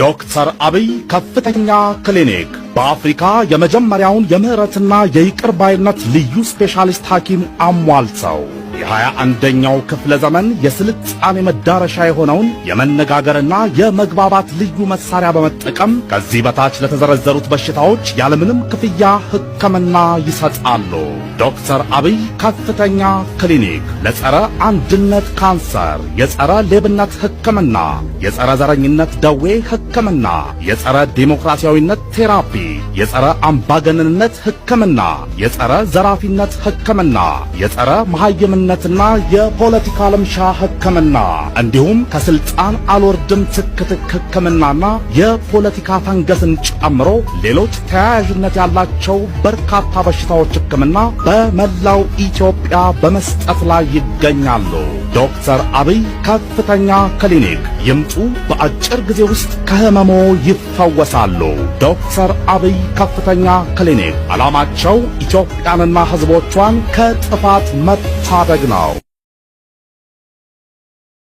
ዶክተር አብይ ከፍተኛ ክሊኒክ በአፍሪካ የመጀመሪያውን የምህረትና የይቅር ባይነት ልዩ ስፔሻሊስት ሐኪም አሟልተው የሃያ አንደኛው ክፍለ ዘመን የስልጣኔ መዳረሻ የሆነውን የመነጋገርና የመግባባት ልዩ መሳሪያ በመጠቀም ከዚህ በታች ለተዘረዘሩት በሽታዎች ያለምንም ክፍያ ሕክምና ይሰጣሉ። ዶክተር አብይ ከፍተኛ ክሊኒክ ለጸረ አንድነት ካንሰር፣ የጸረ ሌብነት ሕክምና፣ የጸረ ዘረኝነት ደዌ ሕክምና፣ የጸረ ዲሞክራሲያዊነት ቴራፒ፣ የጸረ አምባገነንነት ሕክምና፣ የጸረ ዘራፊነት ሕክምና፣ የጸረ መሐይምነት ጦርነትና የፖለቲካ ልምሻ ህክምና እንዲሁም ከስልጣን አልወርድም ትክትክ ህክምናና የፖለቲካ ፈንገስን ጨምሮ ሌሎች ተያያዥነት ያላቸው በርካታ በሽታዎች ህክምና በመላው ኢትዮጵያ በመስጠት ላይ ይገኛሉ። ዶክተር አብይ ከፍተኛ ክሊኒክ ይምጡ። በአጭር ጊዜ ውስጥ ከህመሞ ይፈወሳሉ። ዶክተር አብይ ከፍተኛ ክሊኒክ ዓላማቸው ኢትዮጵያንና ህዝቦቿን ከጥፋት መታደግ Fagnal.